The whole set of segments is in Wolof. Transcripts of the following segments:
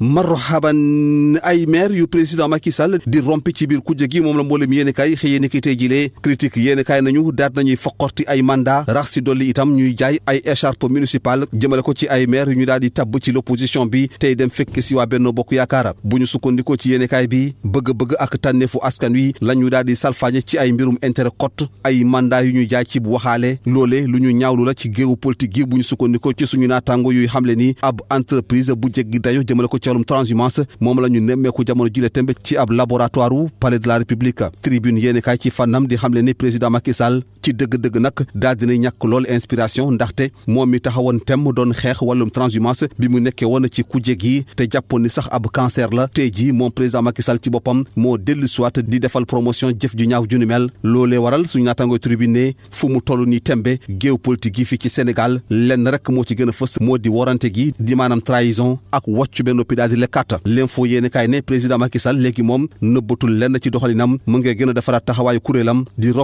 marhaban ay maire yu président Macky Sall di rompi ci biir kujje gi moom la mboolem yéen i kaay xëy yéeni ki tey jilee critique yéen i kaay nañu daat nañuy foqorti ay mandat rax dolli itam ñuy jaay ay écharpe municipale jëmale ko ci ay maire yu ñu daal di tabb ci l'opposition bi tey dem fekk si waa Benno Bokk Yaakaar bu ñu sukkandikoo ci yéen i kaay bi bëgg-bëgg ak tànneefu askan wi la ñu daal di salfaañe ci ay mbirum intérêt cote ay mandat yu ñuy jaay ci bu waxaale loolee lu ñu ñaawlu la ci géewu politique gi bu ñu sukkandikoo ci suñu naataango yuy xamle ni ab entreprise bu jéggi dayo jëmale ko ci wàllum transhumance moom la ñu nemmeeku jamono jile tembe ci ab laboratoire wu palais de la république tribune yéeni kaay ci fànnam di xamle ni président Macky Sall ci dëgg-dëgg nag daal dina ñàkk lool inspiration ndaxte moom mi taxawoon temm doon xeex wàllum transhumance bi mu nekkee woon ci kuje gi te jàppoon ni sax ab cancer la tey jii moom président Macky Sall ci boppam moo dellu soit di defal promotion jëf ju ñaaw ju ni mel loolee waral suñu naataango tribune fu mu toll nii tembe géew politique yi fii ci Sénégal lenn rek moo ci gën a fës moo di warante gi di maanaam trahison ak wàccu benn noppi daal di lekkaat l'info yéen kaay ne président Macky Sall léegi moom nëbbatul lenn ci doxalinam mu ngi gën a defaraat taxawaayu kuréelam di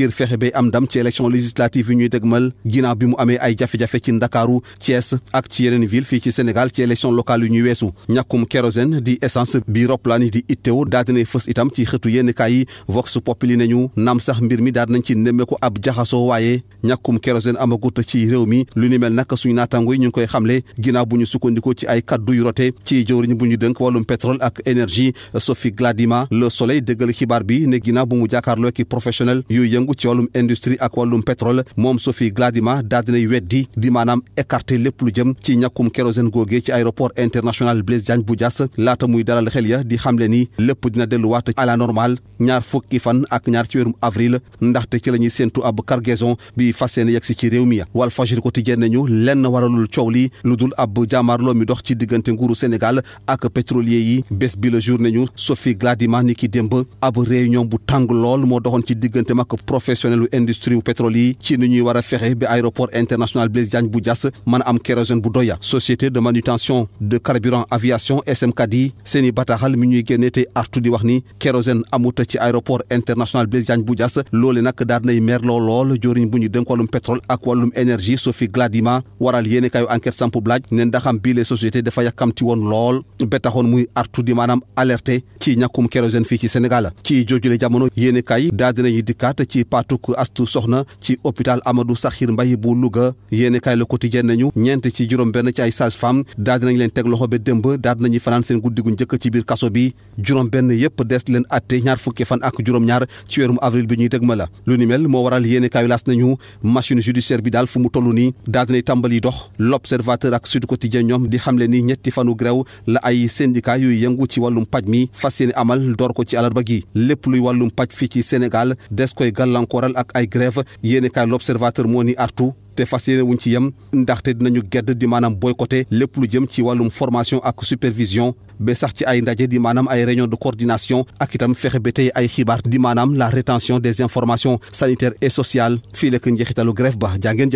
ngir fexe bay am ndam ci élection législative yu ñuy dëgmal ginnaaw bi mu amee ay jafe-jafe ci Ndakaaru Thiès ak ci yeneen fii ci Sénégal ci élection locale yu ñuy weesu ñàkkum kérosène di essence bi roplaan di itteewu daa dina fës itam ci xëtu yenn kaay yi Vox Populi nañu naam sax mbir mi daal nañ ci nemmeeku ab jaxasoo waaye ñàkkum kérosène amagut ci réew mi lu ni mel nag suñu naataango yi ñu ngi koy xamle ginnaaw bu ñu sukkandikoo ci ay kaddu yu rote ci jëwriñ bu ñu dënk wàllum pétrole ak yëngu ci wàllum industrie ak wàllum pétrole moom Sophie Gladima daal dinay weddi di maanaam écarté lépp lu jëm ci ñàkkum kérosène googee ci aéroport international Blaise Diagne bu Diass laata muy dalal xel ya di xamle ni lépp dina delluwaat à la normale ñaar fukki fan ak ñaar ci weerum avril ndaxte ci la ñuy séentu ab cargaison bi fas yéene yegsi ci réew mi Walf Fadjri quotidien nañu lenn waralul coow li lu dul ab jàmmaarloo mi dox ci diggante nguuru Sénégal professionnel u industrie bu pétrole ci ni ñuy war a fexe bi aéroport international Blaise Diagne bu Diass mën a am kérosène bu doya société de manutention de carburant aviation SMCAD yi seen i bataaxal mi ñuy génne te artu di wax ni kérosène amut ci aéroport international Blaise Diagne bu Diass loole nag daar nay mer loo lool joriñ bu ñu dénk wàllum pétrole ak wàllum énergie Sophie Gladima waral yéene kayu enquête sampu blaaj ne ndaxam bii les sociétés dafa yàkkamti woon lool ba ci paatuk astu soxna ci hôpital Amadou Sakhir Mbaye bu Louga yéeni kaay le quotidien nañu ñeent ci juróom benn ci ay sage femme daal dinañ leen teg loxo ba démb daal dinañuy fanaan seen guddi gu njëkk ci biir kaso bi juróom benn yëpp des leen atte ñaar fukki fan ak juróom-ñaar ci weerum avril bi ñuy dëg ma la lu ni mel moo waral yéeni kaay laas nañu machine judiciaire bi daal fu mu toll nii daal dinay tàmbali dox l'observateur ak sud quotidien ñoom di xamle ni ñetti fanu grève la ay syndicat yuy yëngu ci wàllum paj mi fas yéene amal ko ci àllarba gi lépp luy wàllum ci Sénégal des gàllankooral ak ay grève yéeni kaay l'observateur moo ni artu te fas yéene wuñ ci yem ndaxte dinañu gedd di maanaam boycotté lépp lu jëm ci wàllum formation ak supervision ba sax ci ay ndaje di maanaam ay réunion de coordination ak itam fexe ba tey ay xibaar di maanaam la rétention des informations sanitaires et sociales fii lekk njeexitalu grève ba jaa ngeen